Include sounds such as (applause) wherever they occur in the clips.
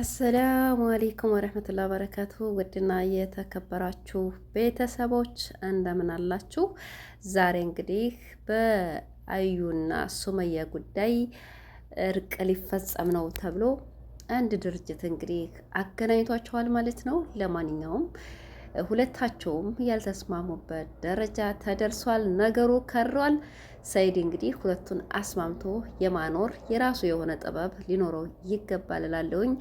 አሰላሙ አሌይኩም ወረህመቱላ በረካቱ ውድና የተከበራችሁ ቤተሰቦች እንደምን አላችሁ? ዛሬ እንግዲህ በአዩና ሱመያ ጉዳይ እርቅ ሊፈጸም ነው ተብሎ አንድ ድርጅት እንግዲህ አገናኝቷቸዋል ማለት ነው። ለማንኛውም ሁለታቸውም ያልተስማሙበት ደረጃ ተደርሷል። ነገሩ ከሯል። ሰይድ እንግዲህ ሁለቱን አስማምቶ የማኖር የራሱ የሆነ ጥበብ ሊኖረው ይገባል እላለሁኝ።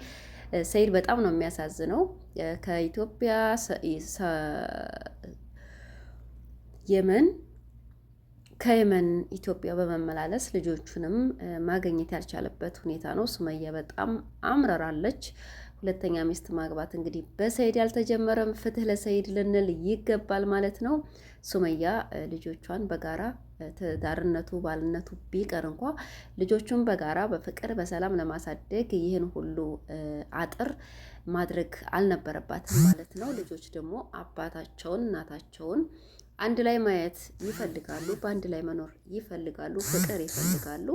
ሰይድ በጣም ነው የሚያሳዝነው። ከኢትዮጵያ የመን ከየመን ኢትዮጵያ በመመላለስ ልጆቹንም ማግኘት ያልቻለበት ሁኔታ ነው። ሱመያ በጣም አምረራለች። ሁለተኛ ሚስት ማግባት እንግዲህ በሰይድ ያልተጀመረም ፍትህ ለሰይድ ልንል ይገባል ማለት ነው። ሱመያ ልጆቿን በጋራ ትዳርነቱ ባልነቱ ቢቀር እንኳ ልጆቹን በጋራ በፍቅር በሰላም ለማሳደግ ይህን ሁሉ አጥር ማድረግ አልነበረባትም ማለት ነው። ልጆች ደግሞ አባታቸውን እናታቸውን አንድ ላይ ማየት ይፈልጋሉ። በአንድ ላይ መኖር ይፈልጋሉ። ፍቅር ይፈልጋሉ።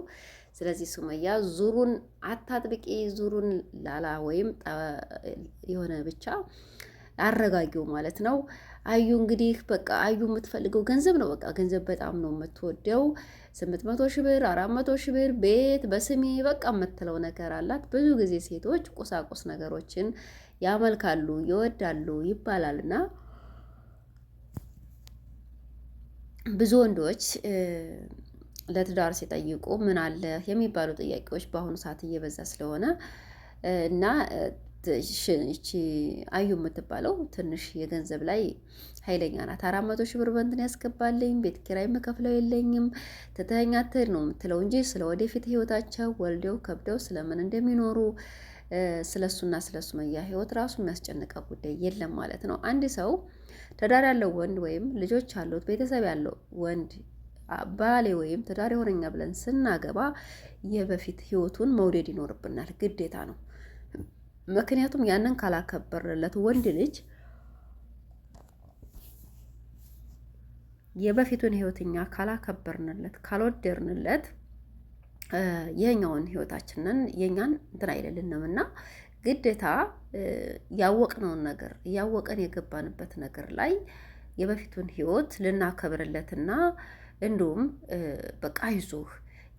ስለዚህ ሱመያ ዙሩን አታጥብቂ፣ ዙሩን ላላ ወይም የሆነ ብቻ አረጋጊው ማለት ነው። አዩ እንግዲህ በቃ አዩ የምትፈልገው ገንዘብ ነው። በቃ ገንዘብ በጣም ነው የምትወደው። ስምንት መቶ ሺህ ብር፣ አራት መቶ ሺህ ብር ቤት በስሜ በቃ የምትለው ነገር አላት። ብዙ ጊዜ ሴቶች ቁሳቁስ ነገሮችን ያመልካሉ፣ ይወዳሉ ይባላል እና ብዙ ወንዶች ለትዳር ሲጠይቁ ምን አለ የሚባሉ ጥያቄዎች በአሁኑ ሰዓት እየበዛ ስለሆነ እና እቺ አዩ የምትባለው ትንሽ የገንዘብ ላይ ኃይለኛ ናት። አራት መቶ ሺህ ብር በንትን ያስገባልኝ ቤት ኪራይ መከፍለው የለኝም ትተኸኝ አትሄድ ነው የምትለው እንጂ ስለ ወደፊት ህይወታቸው ወልደው ከብደው ስለምን እንደሚኖሩ ስለሱና ስለ ሱመያ ህይወት ራሱ የሚያስጨንቀ ጉዳይ የለም ማለት ነው። አንድ ሰው ትዳር ያለው ወንድ ወይም ልጆች ያሉት ቤተሰብ ያለው ወንድ ባሌ ወይም ትዳር የሆነኛ ብለን ስናገባ የበፊት ህይወቱን መውደድ ይኖርብናል፣ ግዴታ ነው። ምክንያቱም ያንን ካላከበርንለት ወንድ ልጅ የበፊቱን ህይወትኛ ካላከበርንለት ካልወደርንለት ይህኛውን ህይወታችንን የኛን እንትን አይደልንም እና ግዴታ ያወቅነውን ነገር እያወቀን የገባንበት ነገር ላይ የበፊቱን ህይወት ልናከብርለትና እንዲሁም በቃ አይዞህ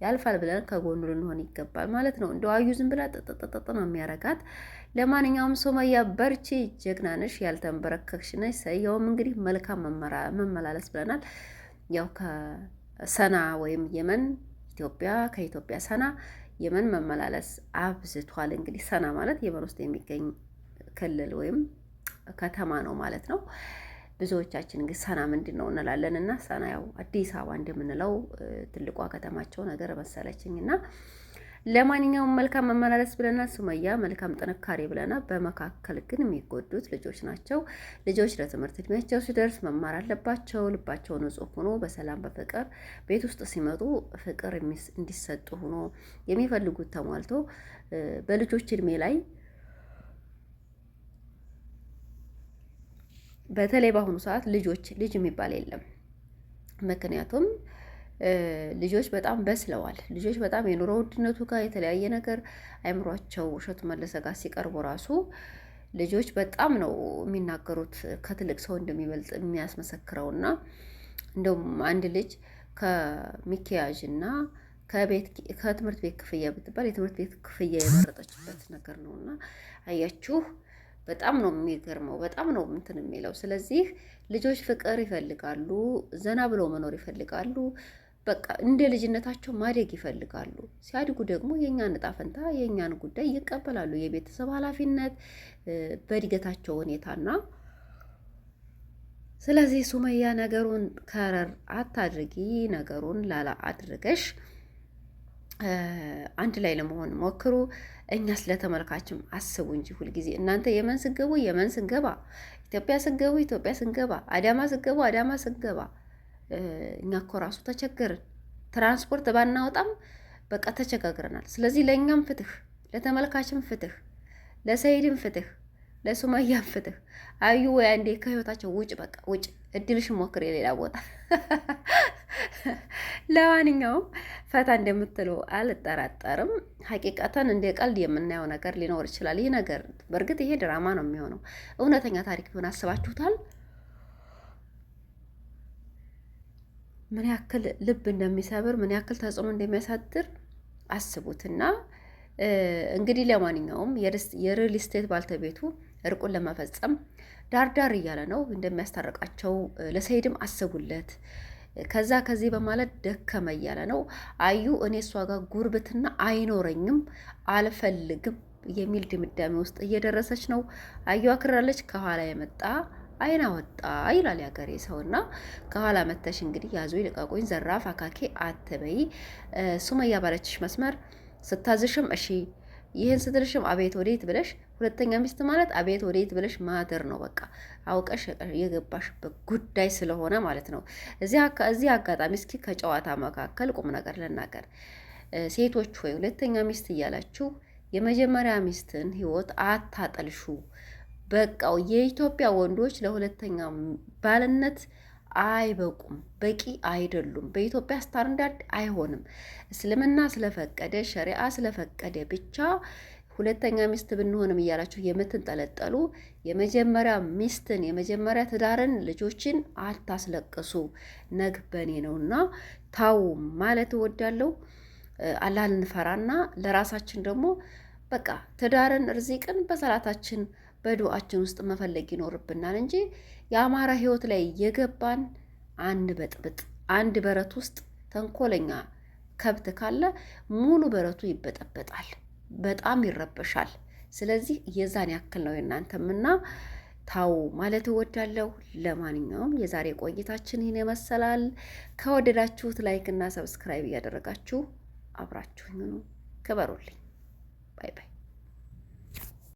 ያልፋል ብለን ከጎኑ ልንሆን ይገባል ማለት ነው። እንደ አዩ ዝም ብላ ጠጠጠጠጥ ነው የሚያረጋት። ለማንኛውም ሱመያ በርቺ፣ ጀግና ነሽ፣ ያልተንበረከክሽ ነሽ። ሰየውም እንግዲህ መልካም መመላለስ ብለናል። ያው ከሰና ወይም የመን ኢትዮጵያ፣ ከኢትዮጵያ ሰና የመን መመላለስ አብዝቷል። እንግዲህ ሰና ማለት የመን ውስጥ የሚገኝ ክልል ወይም ከተማ ነው ማለት ነው። ብዙዎቻችን እንግዲህ ሰና ምንድን ነው እንላለን እና ሰና ያው አዲስ አበባ እንደምንለው ትልቋ ከተማቸው ነገር መሰለችኝ እና ለማንኛውም መልካም መመላለስ ብለናል። ሱመያ መልካም ጥንካሬ ብለናል። በመካከል ግን የሚጎዱት ልጆች ናቸው። ልጆች ለትምህርት እድሜያቸው ሲደርስ መማር አለባቸው። ልባቸው ንጹሕ ሆኖ በሰላም በፍቅር ቤት ውስጥ ሲመጡ ፍቅር እንዲሰጡ ሆኖ የሚፈልጉት ተሟልቶ በልጆች እድሜ ላይ በተለይ በአሁኑ ሰዓት ልጆች ልጅ የሚባል የለም። ምክንያቱም ልጆች በጣም በስለዋል። ልጆች በጣም የኑሮ ውድነቱ ጋር የተለያየ ነገር አይምሯቸው እሸቱ መለሰ ጋር ሲቀርቡ ራሱ ልጆች በጣም ነው የሚናገሩት ከትልቅ ሰው እንደሚበልጥ የሚያስመሰክረው እና እንደውም አንድ ልጅ ከሚኪያዥ እና ከትምህርት ቤት ክፍያ ብትባል የትምህርት ቤት ክፍያ የመረጠችበት ነገር ነው እና አያችሁ በጣም ነው የሚገርመው። በጣም ነው እንትን የሚለው። ስለዚህ ልጆች ፍቅር ይፈልጋሉ፣ ዘና ብለው መኖር ይፈልጋሉ። በቃ እንደ ልጅነታቸው ማደግ ይፈልጋሉ። ሲያድጉ ደግሞ የእኛን እጣ ፈንታ የእኛን ጉዳይ ይቀበላሉ። የቤተሰብ ኃላፊነት በእድገታቸው ሁኔታና ስለዚህ ሱመያ ነገሩን ከረር አታድርጊ፣ ነገሩን ላላ አድርገሽ አንድ ላይ ለመሆን ሞክሩ። እኛ ስለተመልካችም አስቡ እንጂ ሁልጊዜ እናንተ የመን ስገቡ የመን ስንገባ፣ ኢትዮጵያ ስገቡ ኢትዮጵያ ስንገባ፣ አዳማ ስገቡ አዳማ ስንገባ፣ እኛ እኮ ራሱ ተቸገርን። ትራንስፖርት ባናወጣም በቃ ተቸጋግረናል። ስለዚህ ለእኛም ፍትህ፣ ለተመልካችም ፍትህ፣ ለሰይድም ፍትህ፣ ለሱማያም ፍትህ። አዩ ወይ አንዴ ከህይወታቸው ውጭ፣ በቃ ውጭ። እድልሽ ሞክር የሌላ ቦታ (laughs) ለማንኛውም ፈታ እንደምትሉ አልጠራጠርም። ሀቂቃተን እንደ ቀልድ የምናየው ነገር ሊኖር ይችላል። ይህ ነገር በእርግጥ ይሄ ድራማ ነው የሚሆነው። እውነተኛ ታሪክ ቢሆን አስባችሁታል? ምን ያክል ልብ እንደሚሰብር ምን ያክል ተጽዕኖ እንደሚያሳድር አስቡትና እንግዲህ ለማንኛውም የሪል ስቴት ባልተቤቱ እርቁን ለመፈጸም ዳርዳር እያለ ነው። እንደሚያስታርቃቸው ለሰይድም አስቡለት። ከዛ ከዚህ በማለት ደከመ እያለ ነው። አዩ እኔ እሷ ጋር ጉርብትና አይኖረኝም አልፈልግም የሚል ድምዳሜ ውስጥ እየደረሰች ነው። አዩ አክራለች። ከኋላ የመጣ አይና ወጣ ይላል ያገሬ ሰው እና ከኋላ መተሽ እንግዲህ ያዙ ልቀቁኝ፣ ዘራፍ አካኬ አትበይ። ሱመያ ባለችሽ መስመር ስታዝሽም እሺ፣ ይህን ስትልሽም አቤት ወዴት ብለሽ ሁለተኛ ሚስት ማለት አቤት ወዴት ብለሽ ማደር ነው። በቃ አውቀሽ የገባሽበት ጉዳይ ስለሆነ ማለት ነው። እዚህ አጋጣሚ እስኪ ከጨዋታ መካከል ቁም ነገር ልናገር። ሴቶች ወይ ሁለተኛ ሚስት እያላችሁ የመጀመሪያ ሚስትን ህይወት አታጠልሹ። በቃው የኢትዮጵያ ወንዶች ለሁለተኛ ባልነት አይበቁም፣ በቂ አይደሉም። በኢትዮጵያ ስታንዳርድ አይሆንም። እስልምና ስለፈቀደ ሸሪአ ስለፈቀደ ብቻ ሁለተኛ ሚስት ብንሆንም እያላችሁ የምትንጠለጠሉ የመጀመሪያ ሚስትን የመጀመሪያ ትዳርን ልጆችን አታስለቅሱ። ነግ በኔ ነውና ታው ማለት እወዳለሁ። አላህን እንፈራና ለራሳችን ደግሞ በቃ ትዳርን እርዚቅን በሰላታችን በዱአችን ውስጥ መፈለግ ይኖርብናል እንጂ የአማራ ህይወት ላይ የገባን አንድ በጥብጥ አንድ በረት ውስጥ ተንኮለኛ ከብት ካለ ሙሉ በረቱ ይበጠበጣል። በጣም ይረበሻል። ስለዚህ የዛን ያክል ነው የእናንተምና ታው ማለት እወዳለሁ። ለማንኛውም የዛሬ ቆይታችን ይህን ይመስላል። ከወደዳችሁት ላይክ እና ሰብስክራይብ እያደረጋችሁ አብራችሁኝ ክበሩልኝ። ባይ ባይ።